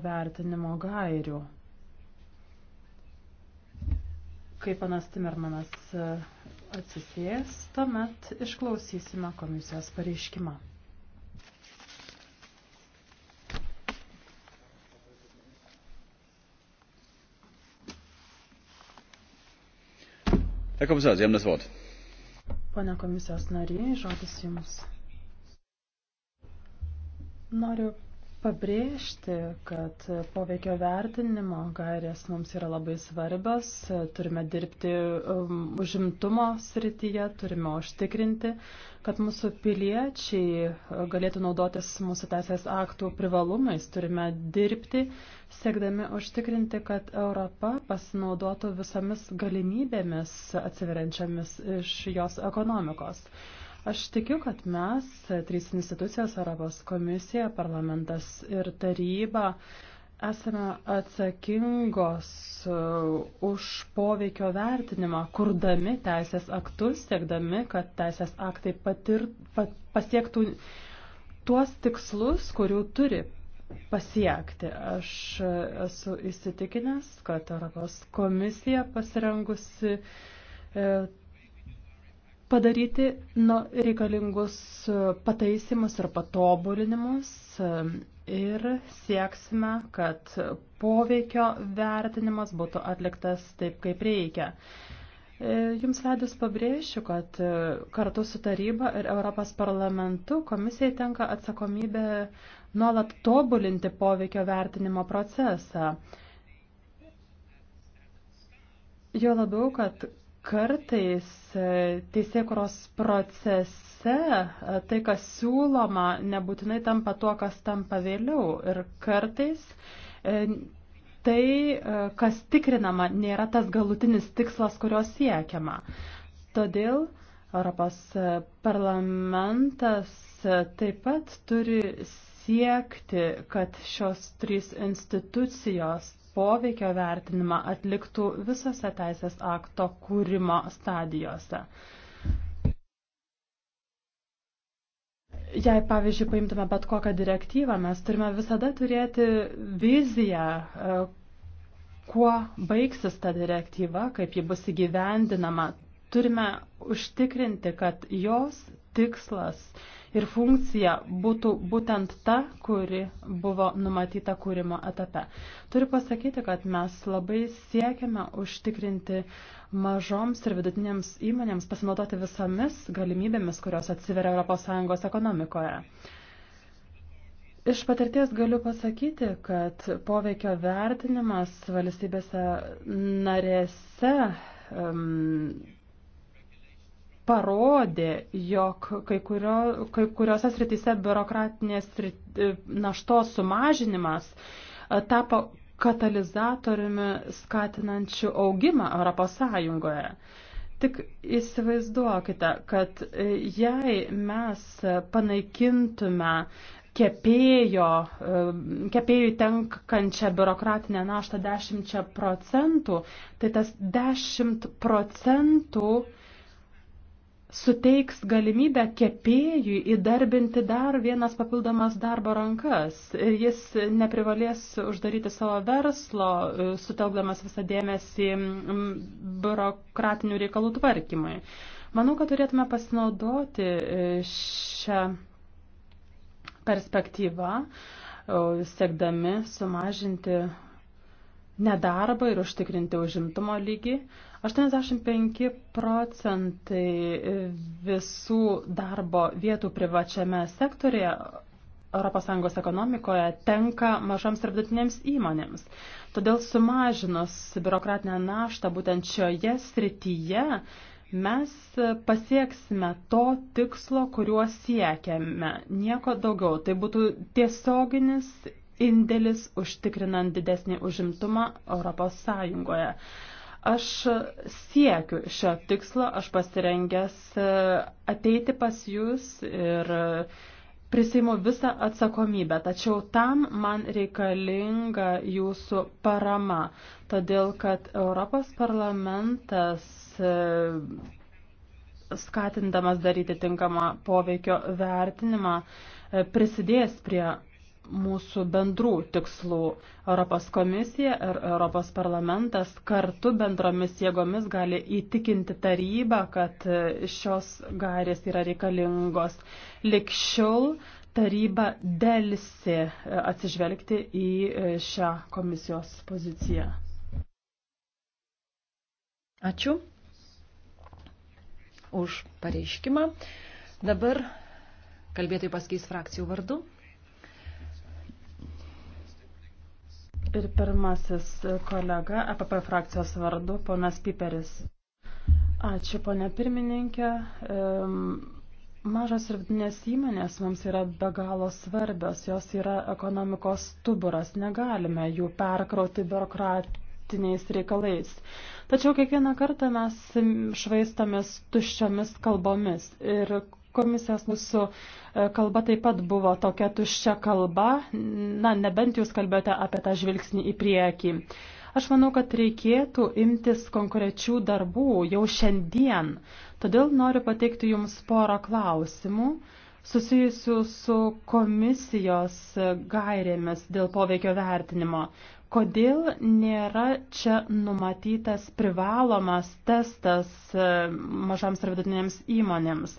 vertinimo gairių. Kai panas Timermanas e, atsisės, tuomet išklausysime komisijos pareiškimą. Herr Kommissar, Sie haben das Wort. Pone komisijos nariai, žodis Jums. Noriu pabrėžti, kad poveikio vertinimo gairės mums yra labai svarbios. Turime dirbti um, užimtumo srityje, turime užtikrinti, kad mūsų piliečiai uh, galėtų naudotis mūsų teisės aktų privalumais. Turime dirbti, siekdami užtikrinti, kad Europa pasinaudotų visomis galimybėmis atsiveriančiamis iš jos ekonomikos. Aš tikiu, kad mes, trys institucijos, Europos komisija, parlamentas ir taryba, esame atsakingos e, už poveikio vertinimą, kurdami teisės aktus, siekdami, kad teisės aktai patir, pat, pasiektų tuos tikslus, kurių turi pasiekti. Aš esu įsitikinęs, kad Europos komisija pasirengusi e, padaryti nu, reikalingus e, pataisimus ir patobulinimus e, ir sieksime, kad poveikio vertinimas būtų atliktas taip, kaip reikia. E, jums leidus pabrėšiu, kad kartu su taryba ir Europos parlamentu komisijai tenka atsakomybė nuolat tobulinti poveikio vertinimo procesą. Jo labiau, kad Kartais e, teisėkuros procese e, tai, kas siūloma, nebūtinai tampa tuo, kas tampa vėliau. Ir kartais e, tai, kas tikrinama, nėra tas galutinis tikslas, kurio siekiama. Todėl Europos parlamentas taip pat turi siekti, kad šios trys institucijos poveikio vertinimą atliktų visose teisės akto kūrimo stadijose. Jei, pavyzdžiui, paimtume bet kokią direktyvą, mes turime visada turėti viziją, e, kuo baigsis ta direktyva, kaip ji bus įgyvendinama. Turime užtikrinti, kad jos tikslas uh, ir funkcija būtų būtent ta, kuri buvo numatyta kūrimo etape. Turiu pasakyti, kad mes labai siekiame užtikrinti mažoms ir vidutinėms įmonėms pasinaudoti visomis galimybėmis, kurios atsiveria ES ekonomikoje. Iš patirties galiu pasakyti, kad poveikio vertinimas valstybėse narėse um, parodė, jog kai, kurio, kai kuriuose srityse biurokratinės e, naštos sumažinimas e, tapo katalizatoriumi skatinančiu augimą Europos Sąjungoje. Tik įsivaizduokite, kad e, jei mes panaikintume kepėjo, kepėjų tenkančią biurokratinę naštą 10 procentų, tai tas 10 procentų uh, suteiks galimybę kepėjui įdarbinti dar vienas papildomas darbo rankas. Jis neprivalės uždaryti savo verslo, e, sutelkdamas visą dėmesį biurokratinių reikalų tvarkymui. Manau, kad turėtume pasinaudoti e, šią perspektyvą, siekdami sumažinti nedarbą ir užtikrinti užimtumo lygį. 85 procentai visų darbo vietų privačiame sektorėje ES ekonomikoje tenka mažoms ir vidutinėms įmonėms. Todėl sumažinus biurokratinę naštą būtent šioje srityje mes pasieksime to tikslo, kuriuo siekiame. Nieko daugiau. Tai būtų tiesioginis indėlis užtikrinant didesnį užimtumą Europos Sąjungoje. Aš siekiu šio tikslo, aš pasirengęs e, ateiti pas jūs ir prisimu visą atsakomybę, tačiau tam man reikalinga jūsų parama, todėl kad Europos parlamentas e, skatindamas daryti tinkamą poveikio vertinimą e, prisidės prie mūsų bendrų tikslų. Europos komisija ir Europos parlamentas kartu bendromis jėgomis gali įtikinti tarybą, kad šios gairės yra reikalingos. Likščiau taryba dėlsi atsižvelgti į šią komisijos poziciją. Ačiū už pareiškimą. Dabar kalbėtojai paskeis frakcijų vardu. Ir pirmasis kolega APP frakcijos vardu, ponas Piperis. Ačiū, ponė pirmininkė. Mažos ir vidinės įmonės mums yra be galo svarbios, jos yra ekonomikos stuburas, negalime jų perkrauti biurokratiniais reikalais. Tačiau kiekvieną kartą mes švaistomis tuščiomis kalbomis ir komisijos mūsų e, kalba taip pat buvo tokia tuščia kalba, na, nebent jūs kalbėjote apie tą žvilgsnį į priekį. Aš manau, kad reikėtų imtis konkrečių darbų jau šiandien. Todėl noriu pateikti Jums porą klausimų susijusių su komisijos gairėmis dėl poveikio vertinimo. Kodėl nėra čia numatytas privalomas testas e, mažams ir vidutinėms įmonėms?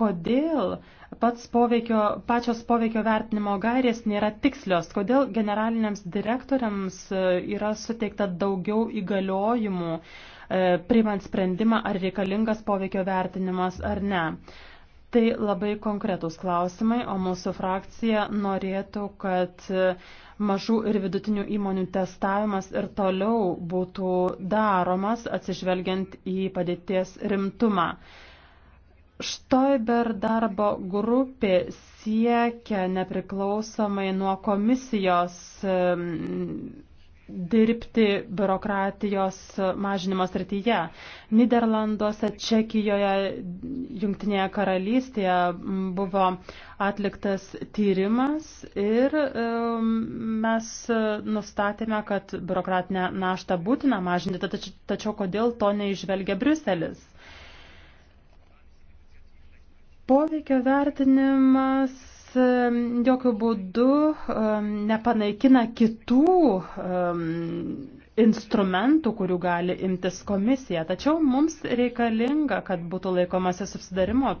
kodėl pats poveikio, pačios poveikio vertinimo gairės nėra tikslios, kodėl generaliniams direktoriams e, yra suteikta daugiau įgaliojimų, e, priimant sprendimą, ar reikalingas poveikio vertinimas ar ne. Tai labai konkretūs klausimai, o mūsų frakcija norėtų, kad e, mažų ir vidutinių įmonių testavimas ir toliau būtų daromas atsižvelgiant į padėties rimtumą. Štoiber darbo grupė siekia nepriklausomai nuo komisijos dirbti biurokratijos mažinimo srityje. Niderlanduose, Čekijoje, Jungtinėje karalystėje buvo atliktas tyrimas ir mes nustatėme, kad biurokratinę naštą būtina mažinti, tačiau kodėl to neižvelgia Briuselis? Poveikio vertinimas jokių būdų nepanaikina kitų instrumentų, kurių gali imtis komisija. Tačiau mums reikalinga, kad būtų laikomasi subsidarimo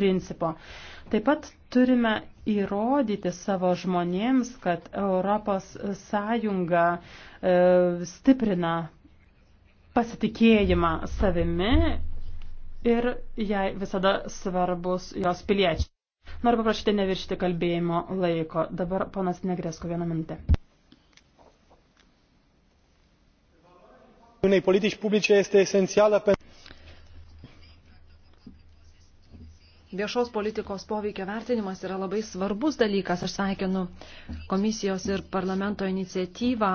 principo. Taip pat turime įrodyti savo žmonėms, kad Europos Sąjunga e, stiprina pasitikėjimą savimi ir jai visada svarbus jos piliečiai. Noriu paprašyti neviršti kalbėjimo laiko. Dabar ponas Negresko vieną minutę. unei politici publice este esențială pentru Viešos politikos poveikio vertinimas yra labai svarbus dalykas. Aš sveikinu komisijos ir parlamento iniciatyvą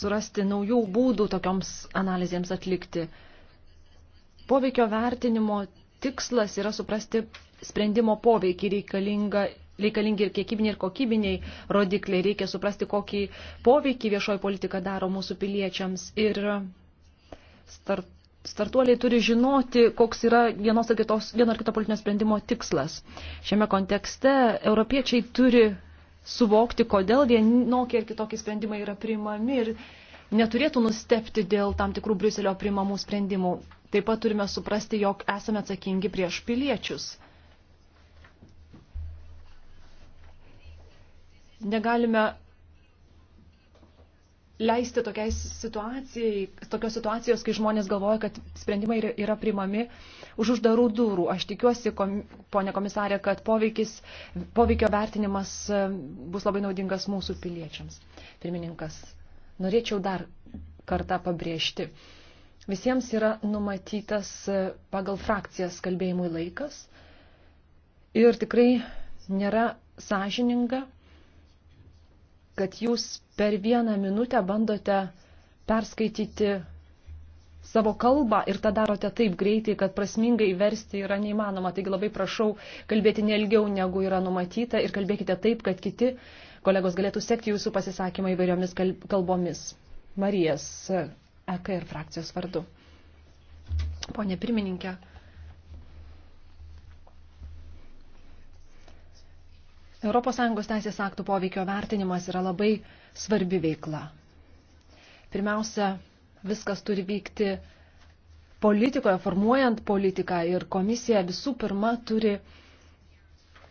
surasti naujų būdų tokioms analizėms atlikti. Poveikio vertinimo tikslas yra suprasti sprendimo poveikį reikalingą reikalingi ir kiekybiniai, ir kokybiniai rodikliai. Reikia suprasti, kokį poveikį viešoji politika daro mūsų piliečiams. Ir start, startuoliai turi žinoti, koks yra vienos ar kitos, vieno ar kito politinio sprendimo tikslas. Šiame kontekste europiečiai turi suvokti, kodėl vienokie ir kitokie sprendimai yra priimami ir neturėtų nustepti dėl tam tikrų Briuselio priimamų sprendimų. Taip pat turime suprasti, jog esame atsakingi prieš piliečius. Negalime leisti tokiai situacijai, tokios situacijos, kai žmonės galvoja, kad sprendimai yra primami už uždarų durų. Aš tikiuosi, kom, ponė komisarė, kad poveikis, poveikio vertinimas e, bus labai naudingas mūsų piliečiams. Pirmininkas, norėčiau dar kartą pabrėžti. Visiems yra numatytas e, pagal frakcijas kalbėjimui laikas ir tikrai nėra sąžininga, kad jūs per vieną minutę bandote perskaityti savo kalbą ir tą darote taip greitai, kad prasmingai versti yra neįmanoma. Taigi labai prašau kalbėti nelgiau, negu yra numatyta ir kalbėkite taip, kad kiti kolegos galėtų sekti jūsų pasisakymą įvairiomis kalbomis. Marijas EKR frakcijos vardu. Pone pirmininkė, ES teisės aktų poveikio vertinimas yra labai svarbi veikla. Pirmiausia, viskas turi vykti politikoje, formuojant politiką ir komisija visų pirma turi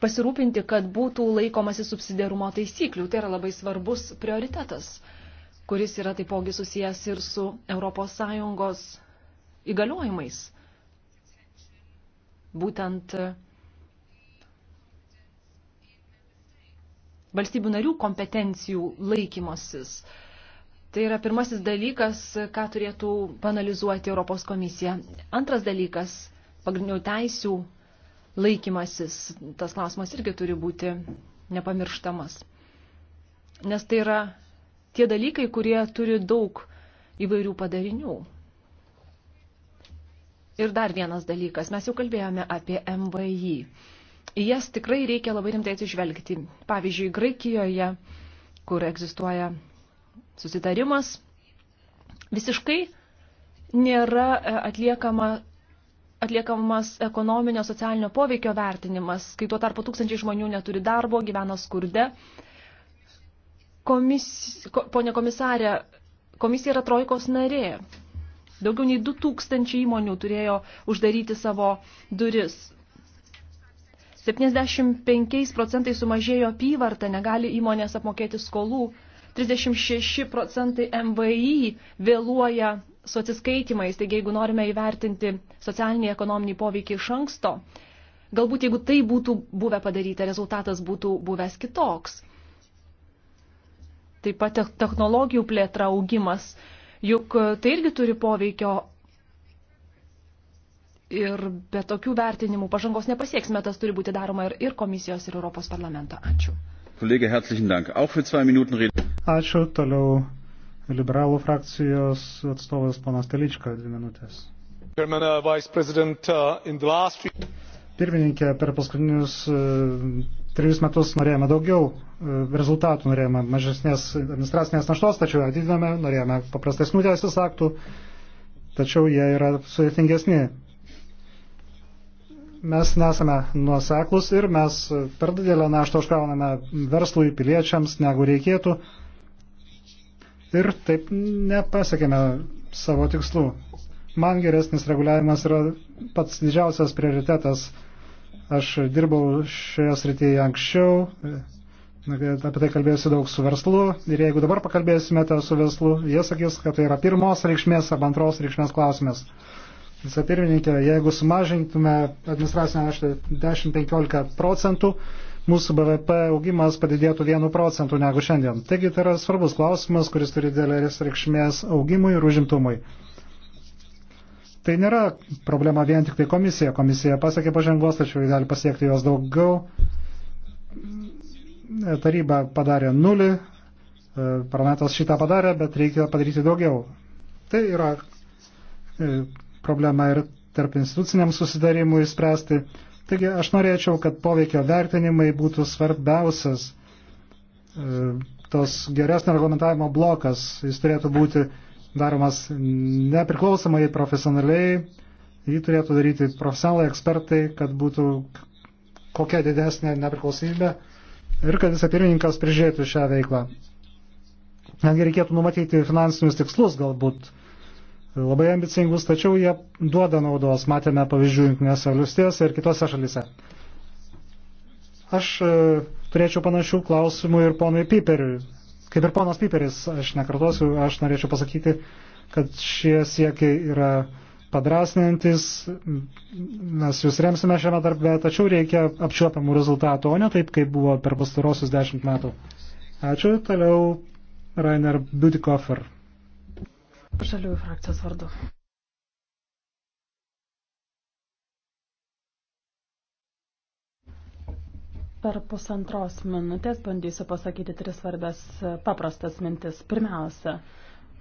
pasirūpinti, kad būtų laikomasi subsidiarumo taisyklių. Tai yra labai svarbus prioritetas kuris yra taipogi susijęs ir su ES įgaliojimais. Būtent e, valstybių narių kompetencijų laikymasis. Tai yra pirmasis dalykas, ką turėtų panalizuoti Europos komisija. Antras dalykas - pagrindinių teisių laikymasis. Tas klausimas irgi turi būti nepamirštamas. Nes tai yra tie dalykai, kurie turi daug įvairių padarinių. Ir dar vienas dalykas, mes jau kalbėjome apie MVI. Į jas tikrai reikia labai rimtai atsižvelgti. Pavyzdžiui, Graikijoje, kur egzistuoja susitarimas, visiškai nėra e, atliekama atliekamas ekonominio socialinio poveikio vertinimas, kai tuo tarpu tūkstančiai žmonių neturi darbo, gyvena skurde Komis, ko, ponė komisarė, komisija yra trojkos narė. Daugiau nei 2000 įmonių turėjo uždaryti savo duris. 75 procentai sumažėjo apyvarta, negali įmonės apmokėti skolų. 36 procentai MVI vėluoja su atsiskaitimais, taigi jeigu norime įvertinti socialinį ekonominį poveikį iš anksto, galbūt jeigu tai būtų buvę padaryta, rezultatas būtų buvęs kitoks taip pat technologijų plėtra augimas, juk e, tai irgi turi poveikio. Ir be tokių vertinimų pažangos nepasieksime, tas turi būti daroma ir, ir komisijos, ir Europos parlamento. Ačiū. Kolegė, herzlichen Dank. Auch für zwei Minuten reden. Ačiū. Toliau liberalų frakcijos atstovas ponas Telička, dvi minutės. Uh, Pirmininkė, per paskutinius uh, trejus metus norėjome daugiau e, rezultatų, norėjome mažesnės administracinės naštos, tačiau ją didiname, norėjome paprastesnių teisės aktų, tačiau jie yra sudėtingesni. Mes nesame nuoseklus ir mes per didelę naštą užkrauname verslui, piliečiams, negu reikėtų. Ir taip nepasiekėme savo tikslų. Man geresnis reguliavimas yra pats didžiausias prioritetas Aš dirbau šioje srityje anksčiau, apie tai kalbėsiu daug su verslu ir jeigu dabar pakalbėsimėte su verslu, jie sakys, kad tai yra pirmos reikšmės arba antros reikšmės klausimas. Visa pirmininkė, jeigu sumažintume administracinę naštą 10-15 procentų, mūsų BVP augimas padidėtų 1 procentų negu šiandien. Taigi tai yra svarbus klausimas, kuris turi dėlės reikšmės augimui ir užimtumui. Tai nėra problema vien tik tai komisija. Komisija pasiekė pažangos, tačiau gali pasiekti jos daugiau. Taryba padarė nulį, e, parlamentas šitą padarė, bet reikia padaryti daugiau. Tai yra e, problema ir tarp instituciniam susidarimui spręsti. Taigi aš norėčiau, kad poveikio vertinimai būtų svarbiausias e, tos geresnio reglamentavimo blokas. Jis turėtų būti daromas nepriklausomai profesionaliai. Jį turėtų daryti profesionalai ekspertai, kad būtų kokia didesnė nepriklausomybė ir kad vicepirmininkas prižiūrėtų šią veiklą. Netgi reikėtų numatyti finansinius tikslus galbūt labai ambicingus, tačiau jie duoda naudos, matėme pavyzdžių Junktinėse valstijose ir kitose šalise. Aš e, turėčiau panašių klausimų ir ponui Piperiui. Kaip ir ponas Piperis, aš nekartosiu, aš norėčiau pasakyti, kad šie siekiai yra padrasninantis, mes jūs remsime šiame darbe, tačiau reikia apčiuopiamų rezultatų, o ne taip, kaip buvo per pastarosius dešimt metų. Ačiū, toliau Rainer Butikofer. Žaliųjų frakcijos vardu. Per pusantros minutės bandysiu pasakyti tris svarbės e, paprastas mintis. Pirmiausia,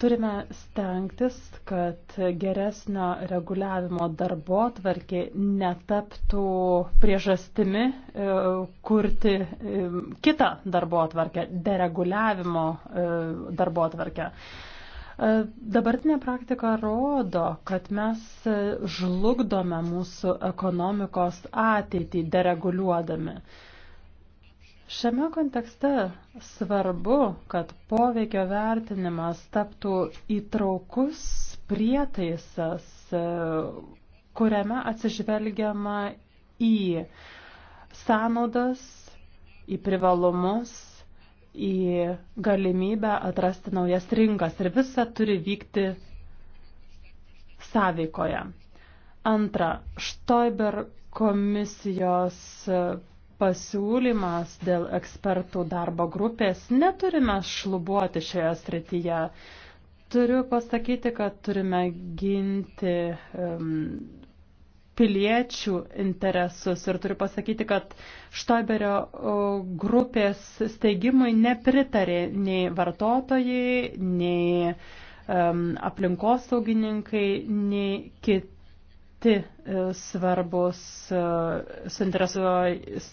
turime stengtis, kad geresnio reguliavimo darbo tvarkė netaptų priežastimi e, kurti e, kitą darbo tvarkę, dereguliavimo darbo tvarkę. Dabartinė praktika rodo, kad mes žlugdome mūsų ekonomikos ateitį dereguliuodami. Šiame kontekste svarbu, kad poveikio vertinimas taptų įtraukus prietaisas, e, kuriame atsižvelgiama į sąnaudas, į privalumus, į galimybę atrasti naujas rinkas ir visa turi vykti sąveikoje. Antra, Štoiber komisijos pasiūlymas dėl ekspertų darbo grupės. Neturime šlubuoti šioje srityje. Turiu pasakyti, kad turime ginti um, piliečių interesus ir turiu pasakyti, kad Štaberio grupės steigimui nepritarė nei vartotojai, nei um, aplinkosaugininkai, nei kiti kiti e, svarbus e,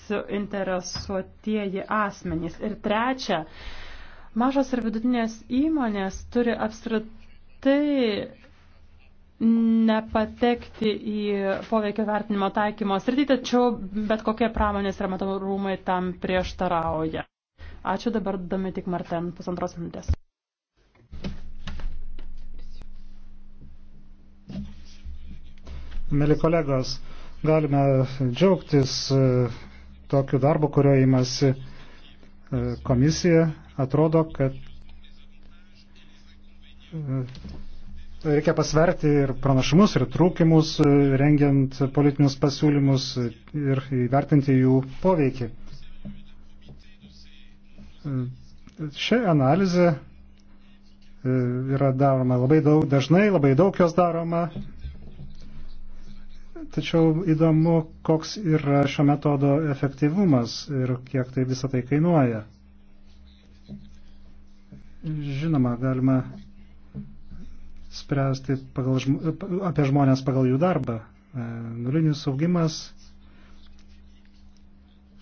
suinteresuotieji asmenys. Ir trečia, mažos ir vidutinės įmonės turi apskritai nepatekti į poveikio vertinimo taikymo sritį, tačiau bet kokie pramonės ir matomų rūmai tam prieštarauja. Ačiū dabar Domitik Marten, pusantros minutės. Mėly kolegos, galime džiaugtis e, tokiu darbu, kurio įmasi e, komisija. Atrodo, kad e, reikia pasverti ir pranašumus, ir trūkimus, rengiant politinius pasiūlymus ir įvertinti jų poveikį. Ši analizė yra daroma labai daug, dažnai labai daug jos daroma Tačiau įdomu, koks yra šio metodo efektyvumas ir kiek tai visą tai kainuoja. Žinoma, galima spręsti pagal, apie žmonės pagal jų darbą. E, nulinis augimas,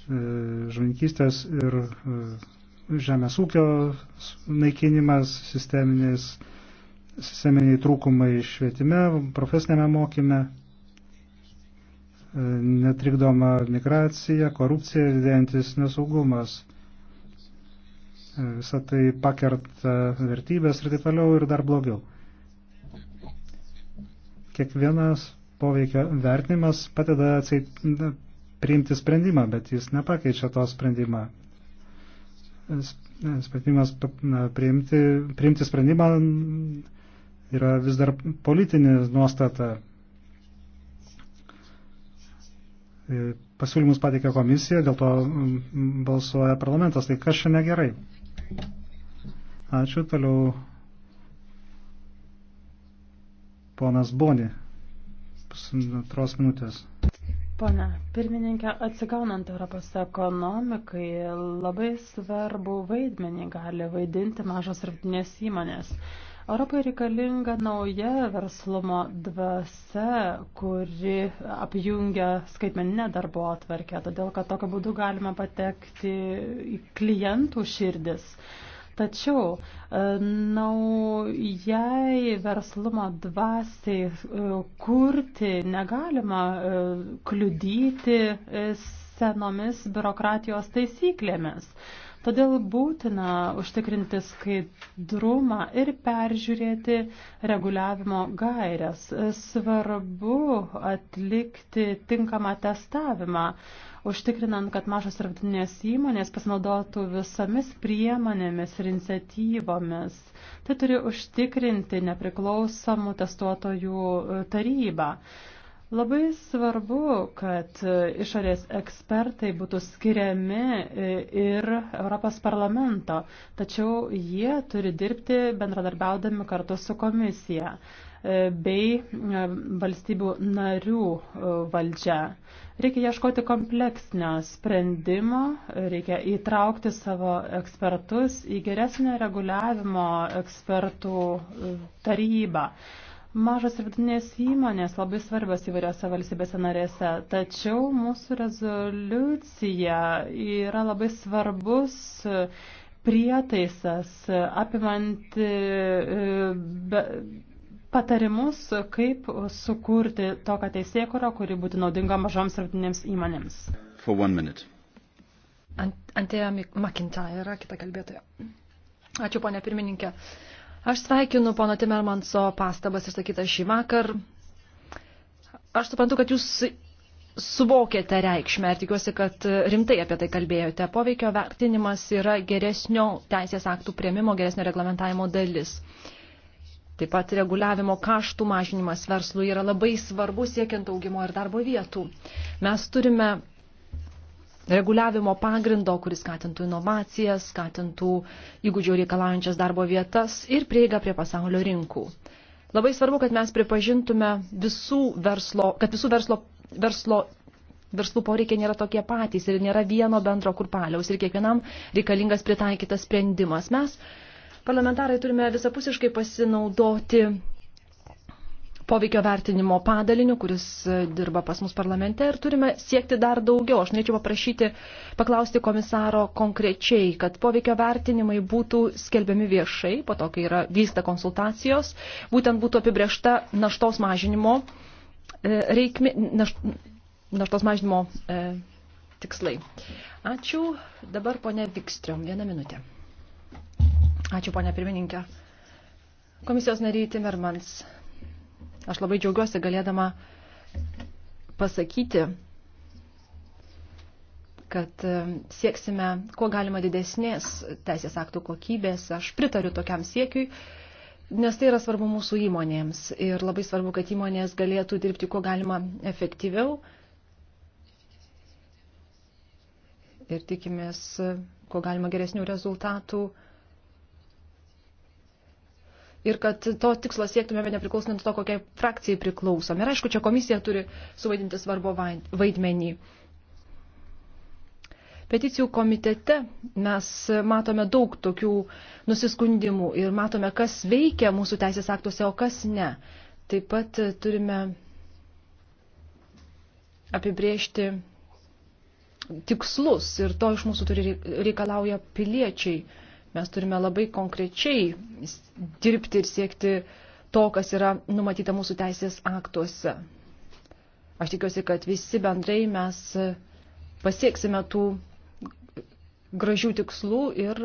e, žuvininkystės ir e, žemės ūkio naikinimas, sisteminiai trūkumai švietime, profesinėme mokyme netrikdoma migracija, korupcija, didėjantis nesaugumas. Visą tai pakert vertybės ir taip toliau ir dar blogiau. Kiekvienas poveikio vertinimas padeda atseit, priimti sprendimą, bet jis nepakeičia to sprendimą. Sprendimas priimti, priimti sprendimą yra vis dar politinė nuostata E, pasiūlymus pateikė komisija, dėl to balsuoja parlamentas. Tai kas čia negerai? Ačiū. Toliau ponas Boni. Pusantros minutės. Pone pirmininkė, atsigaunant Europos ekonomikai labai svarbu vaidmenį gali vaidinti mažos ir vidinės įmonės. Europai reikalinga nauja verslumo dvasia, kuri apjungia skaitmeninę darbo atvarkę, todėl kad tokiu būdu galima patekti į klientų širdis. Tačiau e, naujai verslumo dvasiai e, kurti negalima e, kliudyti senomis biurokratijos taisyklėmis. Todėl būtina užtikrinti skaidrumą ir peržiūrėti reguliavimo gairias. Svarbu atlikti tinkamą testavimą, užtikrinant, kad mažos ir vidutinės įmonės pasinaudotų visomis priemonėmis ir iniciatyvomis. Tai turi užtikrinti nepriklausomų testuotojų tarybą. Labai svarbu, kad išorės ekspertai būtų skiriami e, ir Europos parlamento, tačiau jie turi dirbti bendradarbiaudami kartu su komisija e, bei e, valstybių narių valdžia. Reikia ieškoti kompleksinio sprendimo, reikia įtraukti savo ekspertus į geresnę reguliavimo ekspertų tarybą. Mažos ir vidutinės įmonės labai svarbios įvairiose valstybėse narėse, tačiau mūsų rezoliucija yra labai svarbus prietaisas, apimant e, be, patarimus, kaip sukurti tokią teisėkurą, kuri būtų naudinga mažoms ir vidutinėms įmonėms. Ant, Antėja McIntyre yra kita kalbėtoja. Ačiū, ponė pirmininkė. Uh, Aš sveikinu pono Timermanso pastabas išsakytas šį vakar. Aš suprantu, kad jūs suvokėte reikšmę ir tikiuosi, kad rimtai apie tai kalbėjote. Poveikio vertinimas yra geresnio teisės aktų prieimimo, geresnio reglamentavimo dalis. Taip pat reguliavimo kaštų mažinimas verslui yra labai svarbus siekiant augimo ir darbo vietų. Mes turime reguliavimo pagrindo, kuris skatintų inovacijas, skatintų įgūdžių reikalaujančias darbo vietas ir prieigą prie pasaulio rinkų. Labai svarbu, kad mes pripažintume visų verslo, kad visų verslo, verslo, verslų poreikiai nėra tokie patys ir nėra vieno bendro kurpaliaus ir kiekvienam reikalingas pritaikytas sprendimas. Mes parlamentarai turime visapusiškai pasinaudoti poveikio vertinimo padaliniu, kuris e, dirba pas mus parlamente ir turime siekti dar daugiau. Aš norėčiau paprašyti, paklausti komisaro konkrečiai, kad poveikio vertinimai būtų skelbiami viešai, po to, kai yra vyksta konsultacijos, būtent būtų apibriešta naštos mažinimo e, reikmi, naš, naštos mažinimo e, tikslai. Ačiū. Dabar ponia Vikstriom, vieną minutę. Ačiū, ponia pirmininkė. Komisijos nariai Timermans. Aš labai džiaugiuosi galėdama pasakyti, kad e, sieksime kuo galima didesnės teisės aktų kokybės. Aš pritariu tokiam siekiui, nes tai yra svarbu mūsų įmonėms ir labai svarbu, kad įmonės galėtų dirbti kuo galima efektyviau. Ir tikimės, kuo galima geresnių rezultatų ir kad to tikslo siektumėme nepriklausomai nuo to, kokiai frakcijai priklausom. Ir aišku, čia komisija turi suvaidinti svarbu vaidmenį. Peticijų komitete mes matome daug tokių nusiskundimų ir matome, kas veikia mūsų teisės aktuose, o kas ne. Taip pat turime apibriežti tikslus ir to iš mūsų turi reikalauja piliečiai Mes turime labai konkrečiai dirbti ir siekti to, kas yra numatyta mūsų teisės aktuose. Aš tikiuosi, kad visi bendrai mes e, pasieksime tų gražių tikslų ir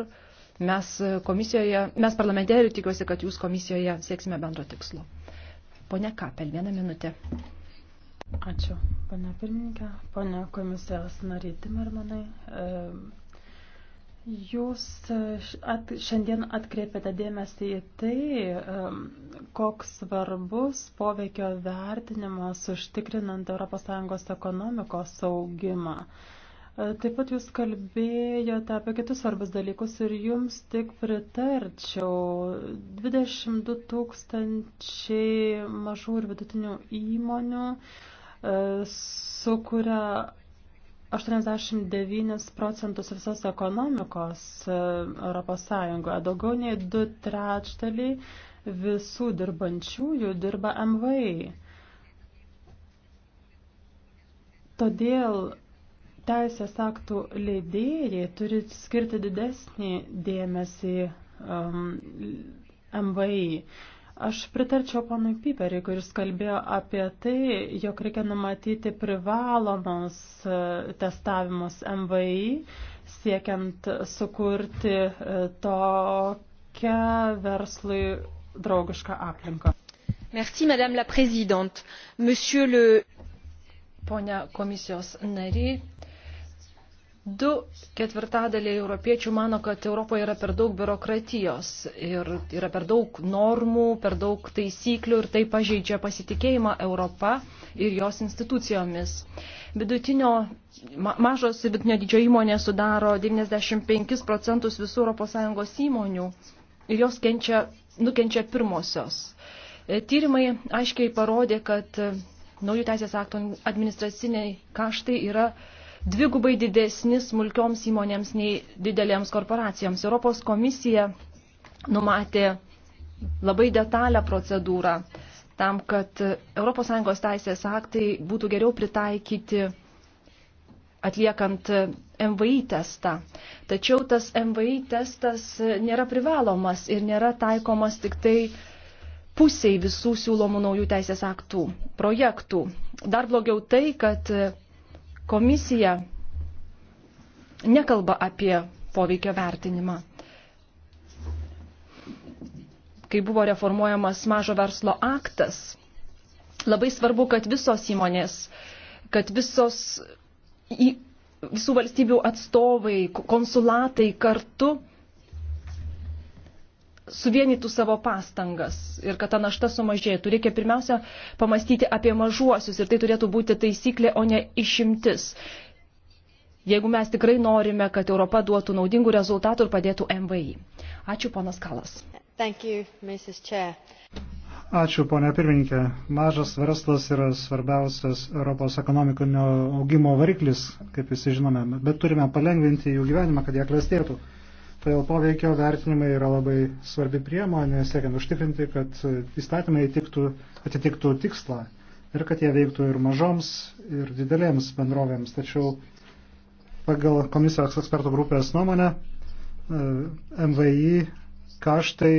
mes e, komisijoje, mes parlamente ir tikiuosi, kad jūs komisijoje sieksime bendro tikslo. Pone Kapel, vieną minutę. Ačiū, pane pirmininkė, pane komisijos nariai Timermanai. E, Jūs e, at, šiandien atkreipėte dėmesį į tai, e, koks svarbus poveikio vertinimas užtikrinant ES ekonomikos saugimą. E, taip pat jūs kalbėjote apie kitus svarbus dalykus ir jums tik pritarčiau. 22 tūkstančiai mažų ir vidutinių įmonių sukuria 89 procentus visos ekonomikos e, Europos Sąjungoje. Daugiau nei du trečdaliai visų dirbančiųjų dirba MVI. Todėl teisės aktų leidėjai turi skirti didesnį dėmesį um, MVI. Aš pritarčiau panui Piperiai, kuris kalbėjo apie tai, jog reikia numatyti privalomus e, testavimus MVI, siekiant sukurti e, tokią verslui draugišką aplinką. Merci, Madame la Présidente. Monsieur le. Pone komisijos nary, Du ketvirtadaliai europiečių mano, kad Europoje yra per daug biurokratijos ir yra per daug normų, per daug taisyklių ir tai pažeidžia pasitikėjimą Europą ir jos institucijomis. Vidutinio, mažos vidutinio didžio įmonės sudaro 95 procentus visų ES įmonių ir jos kenčia, nukenčia pirmosios. E, tyrimai aiškiai parodė, kad e, naujų teisės aktų administraciniai kaštai yra dvigubai didesni smulkioms įmonėms nei didelėms korporacijoms. Europos komisija numatė labai detalę procedūrą tam, kad ES teisės aktai būtų geriau pritaikyti atliekant MVI testą. Tačiau tas MVI testas nėra privalomas ir nėra taikomas tik tai pusiai visų siūlomų naujų teisės aktų projektų. Dar blogiau tai, kad Komisija nekalba apie poveikio vertinimą. Kai buvo reformuojamas mažo verslo aktas, labai svarbu, kad visos įmonės, kad visos, visų valstybių atstovai, konsulatai kartu suvienytų savo pastangas ir kad ta našta sumažėtų. Reikia pirmiausia pamastyti apie mažuosius ir tai turėtų būti taisyklė, o ne išimtis. Jeigu mes tikrai norime, kad Europa duotų naudingų rezultatų ir padėtų MVI. Ačiū, ponas Kalas. Thank you, Mrs. Chair. Ačiū, ponia pirmininkė. Mažas verslas yra svarbiausias Europos ekonomikinio augimo variklis, kaip visi žinome, bet turime palengvinti jų gyvenimą, kad jie klestėtų. Todėl poveikio vertinimai yra labai svarbi priemonė, siekiant užtikrinti, kad įstatymai tiktų, atitiktų tikslą ir kad jie veiktų ir mažoms, ir didelėms bendrovėms. Tačiau pagal komisijos ekspertų grupės nuomonę e, MVI kaštai,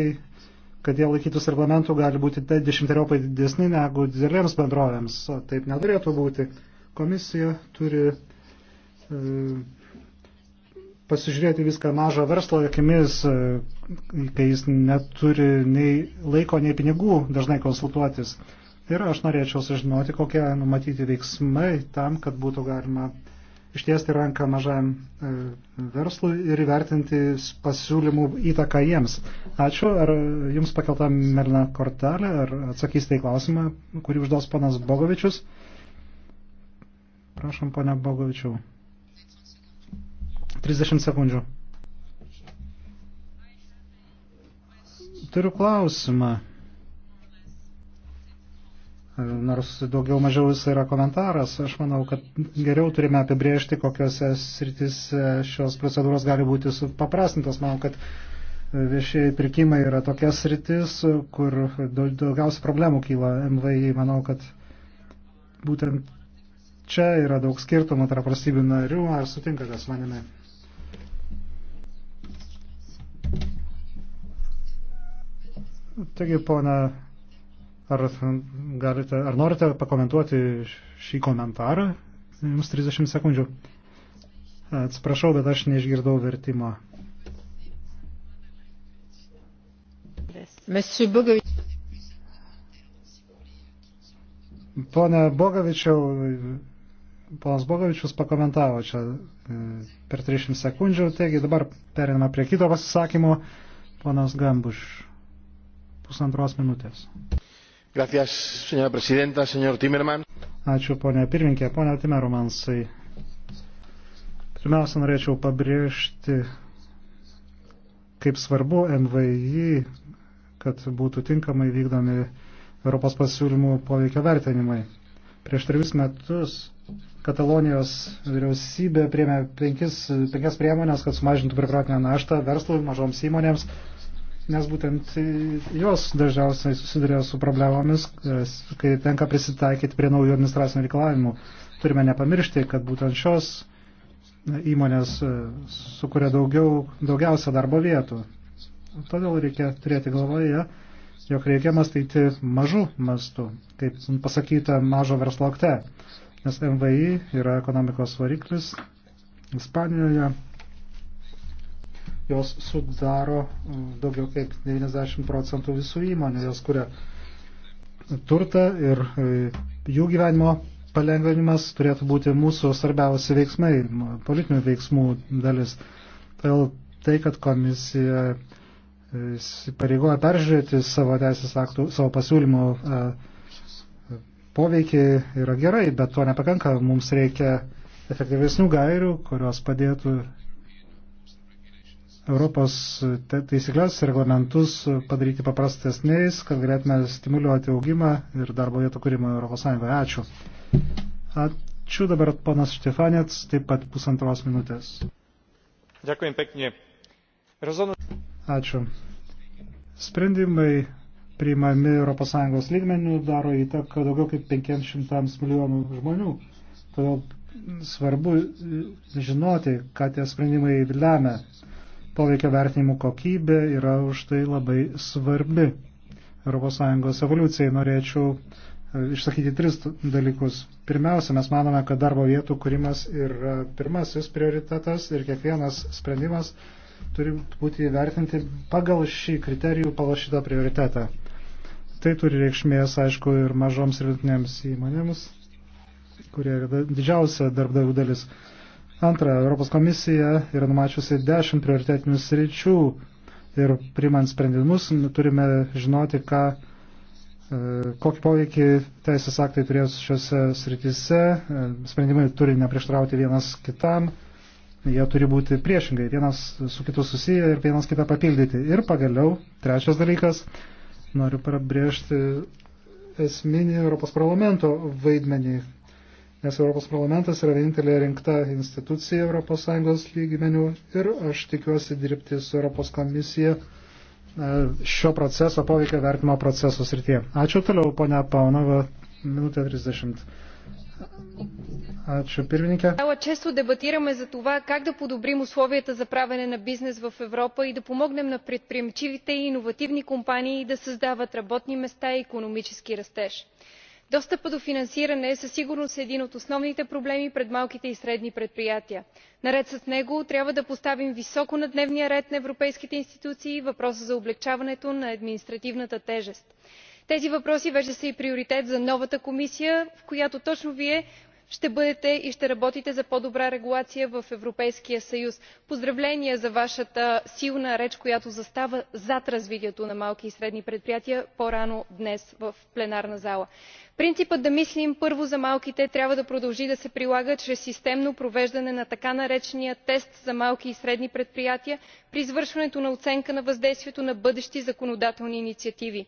kad jie laikytųsi reglamentų, gali būti dešimteriopai didesni negu didelėms bendrovėms. O taip neturėtų būti. Komisija turi e, pasižiūrėti viską mažo verslo akimis, e, kai jis neturi nei laiko, nei pinigų dažnai konsultuotis. Ir aš norėčiau sužinoti, kokie numatyti veiksmai tam, kad būtų galima ištiesti ranką mažam e, verslui ir įvertinti pasiūlymų įtaką jiems. Ačiū. Ar jums pakelta Merna kortelė, ar atsakysite į klausimą, kurį užduos panas Bogovičius? Prašom, ponia Bogovičiau. 30 sekundžių. Turiu klausimą. Nors daugiau mažiau jis yra komentaras, aš manau, kad geriau turime apibriežti, kokiuose sritis šios procedūros gali būti supaprastintos. Manau, kad viešieji pirkimai yra tokia sritis, kur daugiausia problemų kyla MVI. Manau, kad būtent Čia yra daug skirtumų tarp valstybių narių, ar sutinkate su manimi? Taigi, pona, ar, galite, ar norite pakomentuoti šį komentarą? Jums 30 sekundžių. Atsiprašau, bet aš neišgirdau vertimo. Pone Bogavičiau, Ponas Bogovičius pakomentavo čia e, per 30 sekundžių, taigi dabar periname prie kito pasisakymo. Ponas Gambuš, pusantros minutės. Gracias, señora presidenta, señor Timerman. Ačiū, ponia pirminkė, ponia Timermansai. Pirmiausia, norėčiau pabrėžti, kaip svarbu MVI, kad būtų tinkamai vykdomi Europos pasiūlymų poveikio vertinimai. Prieš trejus metus Katalonijos vyriausybė priemė penkis, penkias priemonės, kad sumažintų biurokratinę naštą verslui, mažoms įmonėms, nes būtent jos dažniausiai susiduria su problemomis, kai tenka prisitaikyti prie naujų administracinių reikalavimų. Turime nepamiršti, kad būtent šios įmonės e, sukuria daugiau, daugiausia darbo vietų. Todėl reikia turėti galvoje, jog reikia mąstyti mažų mastų, kaip pasakyta mažo verslo akte nes MVI yra ekonomikos variklis Ispanijoje. Jos sudaro mm, daugiau kaip 90 procentų visų įmonių, jos kuria turtą ir e, jų gyvenimo palengvinimas turėtų būti mūsų svarbiausi veiksmai, politinių veiksmų dalis. Todėl tai, kad komisija e, įsipareigoja peržiūrėti savo teisės aktų, savo pasiūlymų e, poveikiai yra gerai, bet to nepakanka. Mums reikia efektyvesnių gairių, kurios padėtų Europos taisyklės ir reglamentus padaryti paprastesniais, kad galėtume stimuliuoti augimą ir darbo vietų kūrimą Europos Sąjungoje. Ačiū. Ačiū dabar ponas Štefanėts, taip pat pusantros minutės. Dėkuojam peknie. Rezonu... Ačiū. Sprendimai priimami ES lygmenių daro įtaką daugiau kaip 500 milijonų žmonių. Todėl svarbu e, žinoti, ką tie sprendimai lemia. Poveikio vertinimų kokybė yra už tai labai svarbi. ES evoliucijai norėčiau e, išsakyti tris dalykus. Pirmiausia, mes manome, kad darbo vietų kūrimas yra pirmasis prioritetas ir kiekvienas sprendimas turi būti įvertinti pagal šį kriterijų palašytą prioritetą. Tai turi reikšmės, aišku, ir mažoms ir vidutinėms įmonėms, kurie yra didžiausia darbdavių dalis. Antra, Europos komisija yra numačiusi 10 prioritetinių sričių ir primant sprendimus turime žinoti, ką, e, kokį poveikį teisės aktai turės šiuose srityse. E, sprendimai turi neprieštrauti vienas kitam, jie turi būti priešingai, vienas su kitu susiję ir vienas kitą papildyti. Ir pagaliau, trečias dalykas, Noriu prabrėžti esminį Europos parlamento vaidmenį, nes Europos parlamentas yra vienintelė rinkta institucija ES lygmenių ir aš tikiuosi dirbti su Europos komisija e, šio proceso poveikio vertimo proceso srityje. Ačiū toliau, ponia Paunova, minutė 30. Ačiū pirmininkė. Често дебатираме за това как да подобрим условията за правене на бизнес в Европа и да помогнем на предприемчивите и иновативни компании да създават работни места и економически растеж. Достъпът до финансиране е със сигурност един от основните проблеми пред малките и средни предприятия. Наред с него трябва да поставим високо на дневния ред на европейските институции въпроса за облегчаването на административната тежест. Тези въпроси вече са и приоритет за новата комисия, в която точно вие ще бъдете и ще работите за по добра регулация в европейския съюз. поздравления за вашата силна реч която застава зад развитието на малки и средни предприятия по рано днес в пленарната зала. принципът да мислим първо за малките трябва да продължи да се прилага чрез системно провеждане на така наречения тест за малки и средни предприятия при извършването на оценка на въздействието на бъдещи законодателни инициативи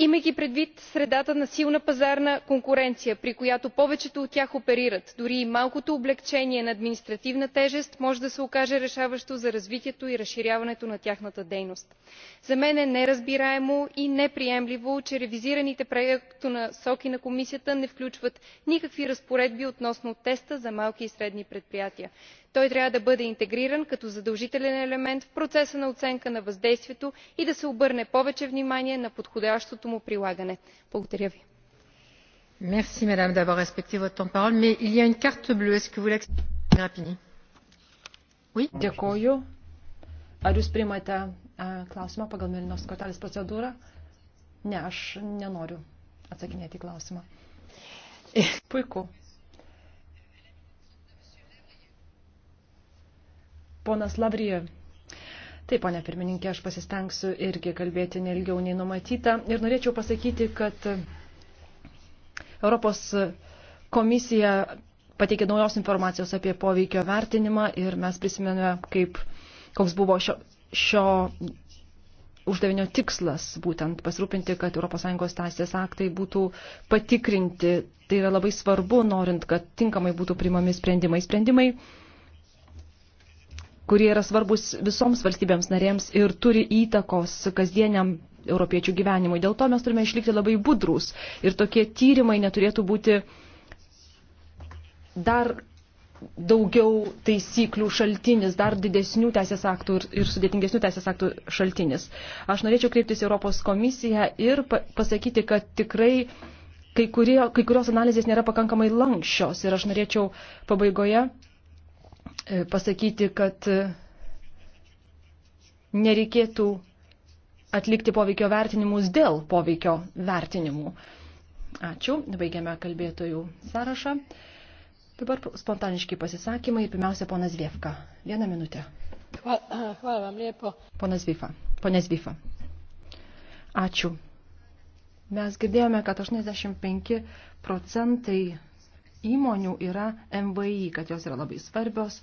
имайки предвид средата на силна пазарна конкуренция при която повечето от тях оперират дори и малкото облекчение на административна тежест може да се окаже решаващо за развитието и разширяването на тяхната дейност. за мен е неразбираемо и неприемливо че ревизираните проектонасоки на комисията не включват никакви разпоредби относно теста за малки и средни предприятия той трябва да бъде интегриран като задължителен елемент в процеса на оценка на въздействието и да се обърне повече внимание на подходящото му прилагане. благодаря ви. Dėkoju. Ar jūs priimate klausimą pagal mėlynos kortelės procedūrą? Ne, aš nenoriu atsakinėti į klausimą. Eh. Puiku. Ponas Lavrija. Taip, ponė pirmininkė, aš pasistengsiu irgi kalbėti nelgiau nei numatyta. Ir norėčiau pasakyti, kad Europos komisija pateikė naujos informacijos apie poveikio vertinimą ir mes prisimename, kaip, koks buvo šio, šio uždavinio tikslas, būtent pasirūpinti, kad ES teisės aktai būtų patikrinti. Tai yra labai svarbu, norint, kad tinkamai būtų primami sprendimai. Sprendimai kurie yra svarbus visoms valstybėms narėms ir turi įtakos kasdieniam europiečių gyvenimui. Dėl to mes turime išlikti labai budrus ir tokie tyrimai neturėtų būti dar daugiau taisyklių šaltinis, dar didesnių teisės aktų ir, ir sudėtingesnių teisės aktų šaltinis. Aš norėčiau kreiptis Europos komisiją ir pasakyti, kad tikrai kai, kurie, kai kurios analizės nėra pakankamai lankščios ir aš norėčiau pabaigoje E, pasakyti, kad e, nereikėtų atlikti poveikio vertinimus dėl poveikio vertinimų. Ačiū. Baigiame kalbėtojų sąrašą. Dabar spontaniški pasisakymai. Pirmiausia, ponas Vievka. Vieną minutę. Hvala vam lijepo. Ponas Vifa. Ponas Vifa. Ačiū. Mes girdėjome, kad 85 procentai įmonių yra MVI, kad jos yra labai svarbios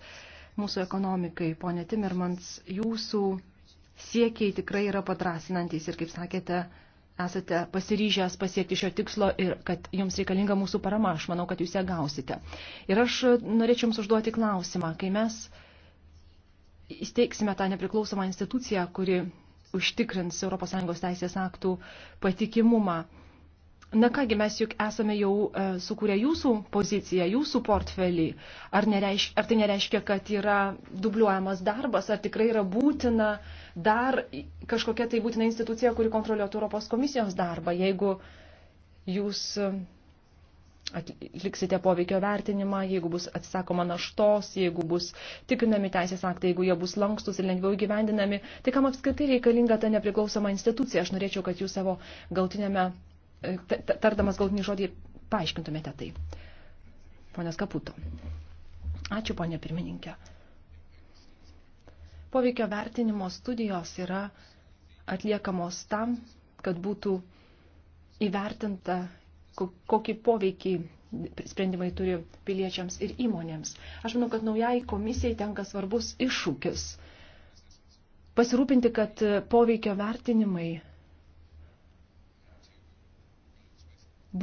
mūsų ekonomikai. Pone Timirmans, jūsų siekiai tikrai yra padrasinantis ir, kaip sakėte, esate pasiryžęs pasiekti šio tikslo ir kad jums reikalinga mūsų parama. Aš manau, kad jūs ją gausite. Ir aš norėčiau jums užduoti klausimą. Kai mes įsteigsime tą nepriklausomą instituciją, kuri užtikrins ES teisės aktų patikimumą, Na kągi, mes juk esame jau e, sukūrę jūsų poziciją, jūsų portfelį. Ar, nereiš, ar tai nereiškia, kad yra dubliuojamas darbas, ar tikrai yra būtina dar kažkokia tai būtina institucija, kuri kontroliuotų Europos komisijos darbą, jeigu jūs e, atliksite poveikio vertinimą, jeigu bus atsisakoma naštos, jeigu bus tikrinami teisės aktai, jeigu jie bus lankstus ir lengviau gyvendinami, tai kam apskritai reikalinga ta nepriklausoma institucija? Aš norėčiau, kad jūs savo galtinėme tardamas galutinį žodį, paaiškintumėte tai. Ponas Kaputo. Ačiū, ponė pirmininkė. Poveikio vertinimo studijos yra atliekamos tam, kad būtų įvertinta, kokį poveikį sprendimai turi piliečiams ir įmonėms. Aš manau, kad naujai komisijai tenka svarbus iššūkis pasirūpinti, kad poveikio vertinimai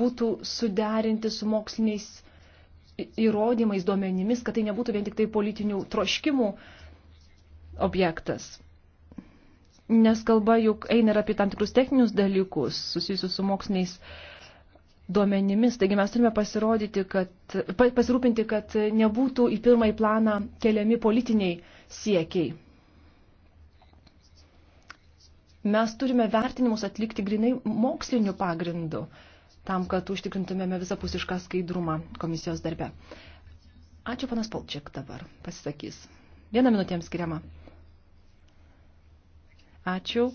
būtų suderinti su moksliniais įrodymais, duomenimis, kad tai nebūtų vien tik tai politinių troškimų objektas. Nes kalba juk eina ir apie tam tikrus techninius dalykus susijusius su moksliniais duomenimis. Taigi mes turime pasirodyti, kad, pasirūpinti, kad nebūtų į pirmąjį planą keliami politiniai siekiai. Mes turime vertinimus atlikti grinai moksliniu pagrindu. Uh, tam, kad užtikrintumėme visapusišką skaidrumą komisijos darbe. Ačiū panas Polčiak dabar pasisakys. Vieną minutę jums skiriama. Ačiū,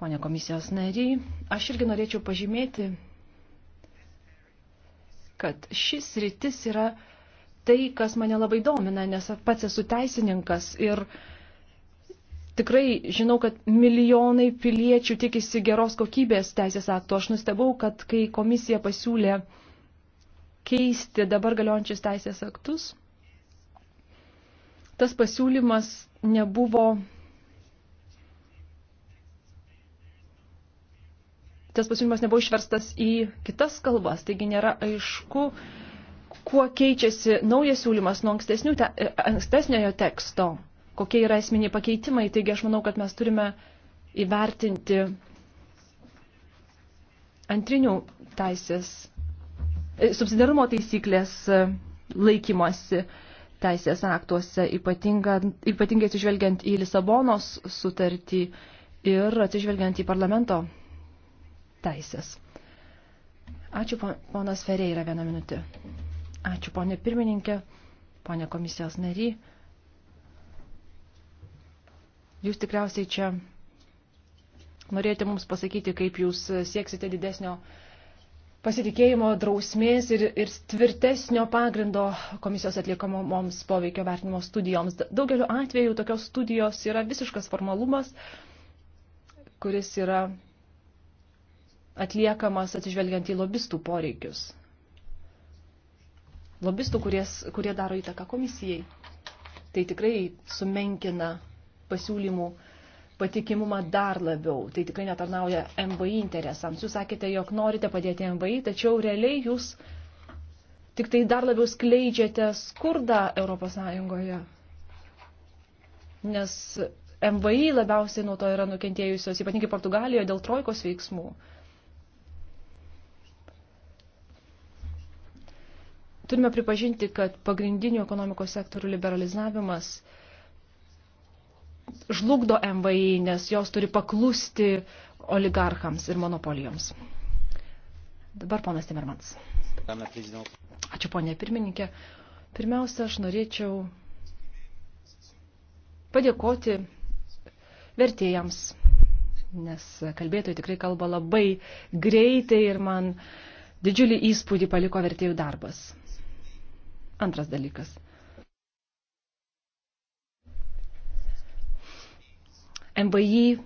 ponė komisijos nariai. Aš irgi norėčiau pažymėti, kad šis rytis yra tai, kas mane labai domina, nes pats esu teisininkas ir uh, tikrai žinau, kad milijonai piliečių tikisi geros kokybės teisės akto. Aš nustebau, kad kai komisija pasiūlė keisti dabar galiojančius teisės aktus, tas pasiūlymas nebuvo. Tas pasiūlymas nebuvo išverstas į kitas kalbas, taigi nėra aišku, kuo keičiasi naujas siūlymas nuo ankstesniojo teksto kokie yra esminiai pakeitimai. Taigi aš manau, kad mes turime įvertinti antrinių teisės, e, subsidarumo taisyklės e, laikymosi teisės aktuose, ypatingai atsižvelgiant į Lisabonos sutartį ir atsižvelgiant į parlamento teisės. Ačiū, ponas Ferė, yra viena minutė. Ačiū, ponė pirmininkė, ponė komisijos nary. Jūs tikriausiai čia norėjote mums pasakyti, kaip jūs sieksite didesnio pasitikėjimo drausmės ir, ir tvirtesnio pagrindo komisijos atliekamoms poveikio vertinimo studijoms. Daugeliu atveju tokios studijos yra visiškas formalumas, kuris yra atliekamas atsižvelgiant į lobistų poreikius. Lobistų, kuries, kurie daro įtaką komisijai. Tai tikrai sumenkina pasiūlymų patikimumą dar labiau. Tai tikrai netarnauja MVI interesams. Jūs sakėte, jog norite padėti MVI, tačiau realiai jūs tik tai dar labiau skleidžiate skurdą ES. Nes MVI labiausiai nuo to yra nukentėjusios, ypatingai Portugalijoje, dėl trojkos veiksmų. Turime pripažinti, kad pagrindinių ekonomikos sektorių liberalizavimas – žlugdo MVI, nes jos turi paklusti oligarchams ir monopolijoms. Dabar ponas Timermans. Ačiū ponė pirmininkė. Pirmiausia, aš norėčiau padėkoti vertėjams, nes kalbėtojai tikrai kalba labai greitai ir man didžiulį įspūdį paliko vertėjų darbas. Antras dalykas – MVI,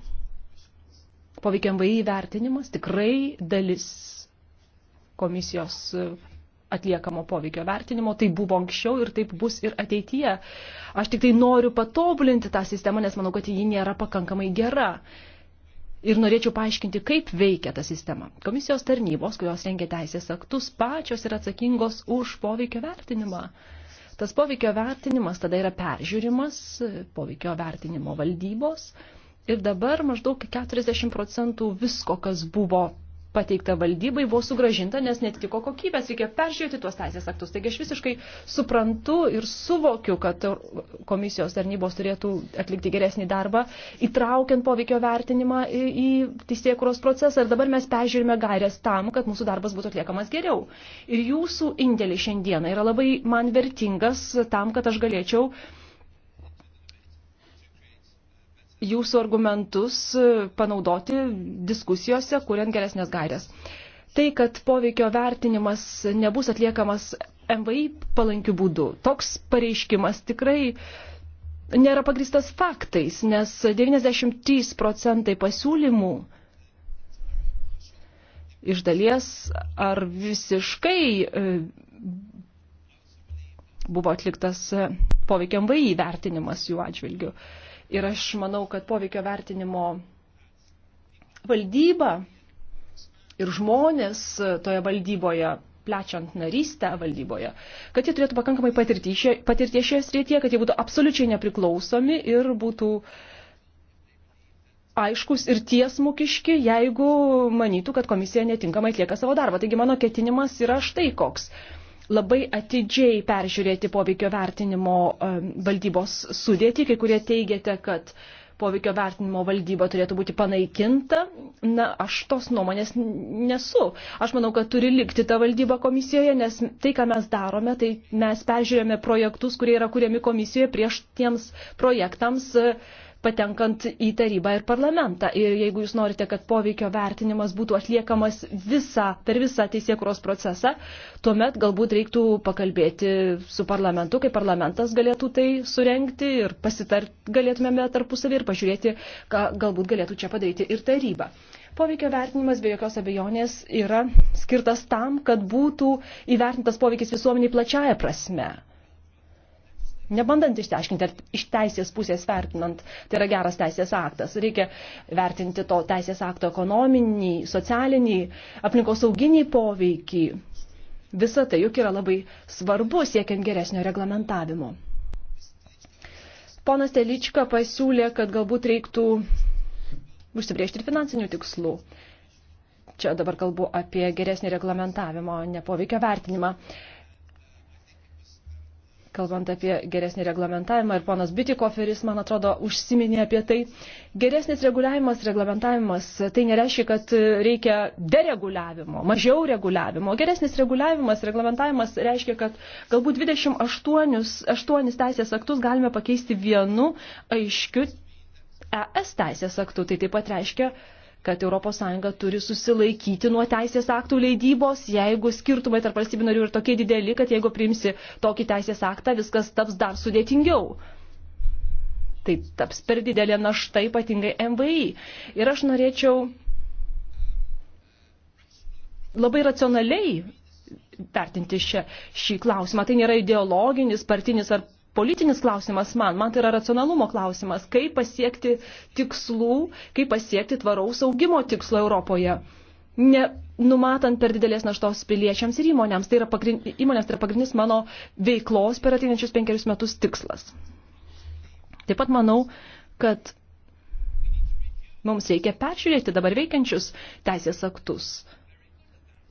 poveikio MVI vertinimas tikrai dalis komisijos atliekamo poveikio vertinimo, tai buvo anksčiau ir taip bus ir ateityje. Aš tik tai noriu patobulinti tą sistemą, nes manau, kad ji nėra pakankamai gera. Ir norėčiau paaiškinti, kaip veikia ta sistema. Komisijos tarnybos, kurios rengia teisės aktus, pačios yra atsakingos už poveikio vertinimą. Tas poveikio vertinimas tada yra peržiūrimas poveikio vertinimo valdybos ir dabar maždaug 40 procentų visko, kas buvo pateikta valdybai, buvo sugražinta, nes netiko kokybės, reikia peržiūrėti tuos teisės aktus. Taigi aš visiškai suprantu ir suvokiu, kad komisijos tarnybos turėtų atlikti geresnį darbą, įtraukiant poveikio vertinimą į, į teisėkuros procesą. Ir dabar mes peržiūrime gairias tam, kad mūsų darbas būtų atliekamas geriau. Ir jūsų indėlis šiandieną yra labai man vertingas tam, kad aš galėčiau uh, jūsų argumentus e, panaudoti diskusijose, kuriant geresnės gairės. Tai, kad poveikio vertinimas nebus atliekamas MVI palankių būdų, toks pareiškimas tikrai nėra pagristas faktais, nes 93 procentai pasiūlymų iš dalies ar visiškai e, buvo atliktas poveikio MVI vertinimas jų atžvilgiu. Ir aš manau, kad poveikio vertinimo valdyba ir žmonės toje valdyboje plečiant narystę valdyboje, kad jie turėtų pakankamai patirties šioje srityje, kad jie būtų absoliučiai nepriklausomi ir būtų aiškus ir tiesmukiški, jeigu manytų, kad komisija netinkamai atlieka savo darbą. Taigi mano ketinimas yra štai koks. Uh, labai atidžiai peržiūrėti poveikio vertinimo e, valdybos sudėtį, kai kurie teigiate, kad poveikio vertinimo valdyba turėtų būti panaikinta. Na, aš tos nuomonės nesu. Aš manau, kad turi likti ta valdyba komisijoje, nes tai, ką mes darome, tai mes peržiūrėjome projektus, kurie yra kuriami komisijoje prieš tiems projektams. Uh, patenkant į tarybą ir parlamentą. Ir jeigu jūs norite, kad poveikio vertinimas būtų atliekamas visa, per visą teisėkuros procesą, tuomet galbūt reiktų pakalbėti su parlamentu, kaip parlamentas galėtų tai surenkti ir pasitart galėtumėme tarpusavį ir pažiūrėti, ką galbūt galėtų čia padaryti ir taryba. Poveikio vertinimas be jokios abejonės yra skirtas tam, kad būtų įvertintas poveikis visuomeniai plačiaja prasme nebandant išteiškinti, ar iš teisės pusės vertinant, tai yra geras teisės aktas. Reikia vertinti to teisės akto ekonominį, socialinį, aplinkosauginį poveikį. Visa tai juk yra labai svarbu siekiant geresnio reglamentavimo. Ponas Telička pasiūlė, kad galbūt reiktų užsibriežti ir finansinių tikslų. Čia dabar kalbu apie geresnį reglamentavimo, ne poveikio vertinimą. Uh, kalbant apie geresnį reglamentavimą, ir ponas Bitikoferis, man atrodo, užsiminė apie tai. Geresnis reguliavimas, reglamentavimas, tai nereiškia, kad reikia dereguliavimo, mažiau reguliavimo. Geresnis reguliavimas, reglamentavimas reiškia, kad galbūt 28 8 teisės aktus galime pakeisti vienu aiškiu ES teisės aktu. Tai taip pat reiškia, kad ES turi susilaikyti nuo teisės aktų leidybos, jeigu skirtumai tarp valstybių narių yra tokie dideli, kad jeigu priimsi tokį teisės aktą, viskas taps dar sudėtingiau. Tai taps per didelė našta, ypatingai MVI. Ir aš norėčiau labai racionaliai vertinti šią, šį klausimą. Tai nėra ideologinis, partinis ar politinis klausimas man, man tai yra racionalumo klausimas, kaip pasiekti tikslų, kaip pasiekti tvaraus augimo tikslo Europoje, ne, numatant per didelės naštos piliečiams ir įmonėms. Tai yra, pagrind, įmonėms, tai yra pagrindinis mano veiklos per ateinančius penkerius metus tikslas. Taip pat manau, kad mums reikia peržiūrėti dabar veikiančius teisės aktus.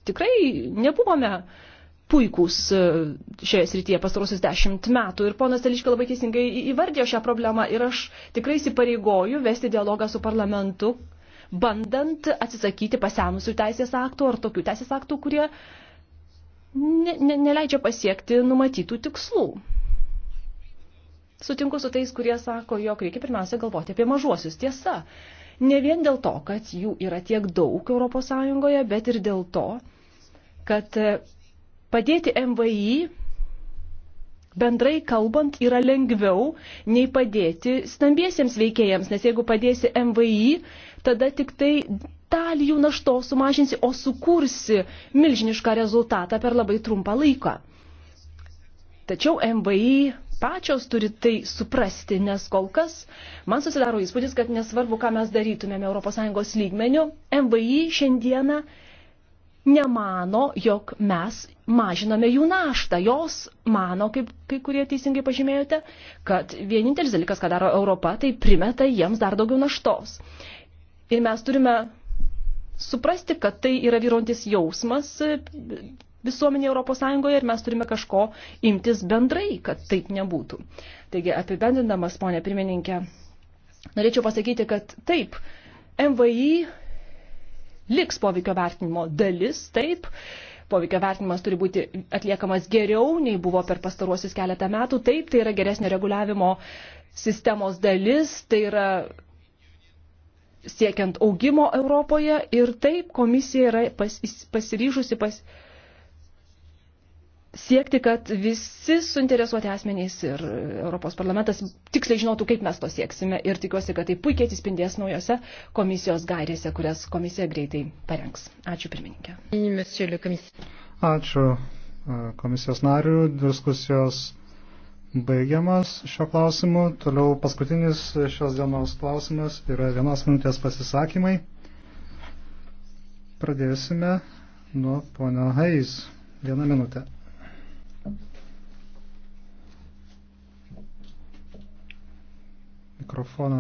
Tikrai nebuvome uh, puikūs e, šioje srityje pastarosius dešimt metų. Ir ponas Teliška labai teisingai įvardėjo šią problemą ir aš tikrai įsipareigoju vesti dialogą su parlamentu, bandant atsisakyti pasenusių teisės aktų ar tokių teisės aktų, kurie ne, ne, neleidžia pasiekti numatytų tikslų. Sutinku su tais, kurie sako, jog reikia pirmiausia galvoti apie mažuosius. Tiesa, ne vien dėl to, kad jų yra tiek daug ES, bet ir dėl to, kad Padėti MVI bendrai kalbant yra lengviau nei padėti stambiesiems veikėjams, nes jeigu padėsi MVI, tada tik tai dalį jų naštos sumažinsi, o sukursi milžinišką rezultatą per labai trumpą laiką. Tačiau MVI pačios turi tai suprasti, nes kol kas man susidaro įspūdis, kad nesvarbu, ką mes darytumėme ES lygmeniu, MVI šiandieną nemano, jog mes mažiname jų naštą. Jos mano, kaip kai kurie teisingai pažymėjote, kad vienintelis dalykas, ką daro Europa, tai primeta jiems dar daugiau naštos. Ir mes turime suprasti, kad tai yra vyrontis jausmas visuomenė Europos Sąjungoje ir mes turime kažko imtis bendrai, kad taip nebūtų. Taigi, apibendindamas, ponė pirmininkė, norėčiau pasakyti, kad taip, MVI liks poveikio vertinimo dalis, taip. Poveikio vertinimas turi būti atliekamas geriau, nei buvo per pastaruosius keletą metų. Taip, tai yra geresnio reguliavimo sistemos dalis, tai yra siekiant augimo Europoje ir taip komisija yra pas, pasiryžusi pas, siekti, kad visi suinteresuoti asmenys ir Europos parlamentas tiksliai žinotų, kaip mes to sieksime ir tikiuosi, kad tai puikiai atsispindės naujose komisijos gairėse, kurias komisija greitai parengs. Ačiū pirmininkė. Ačiū e, komisijos narių. Diskusijos baigiamas šio klausimu. Toliau paskutinis šios dienos klausimas yra vienos minutės pasisakymai. Pradėsime nuo pono Heis. Vieną minutę. mikrofoną.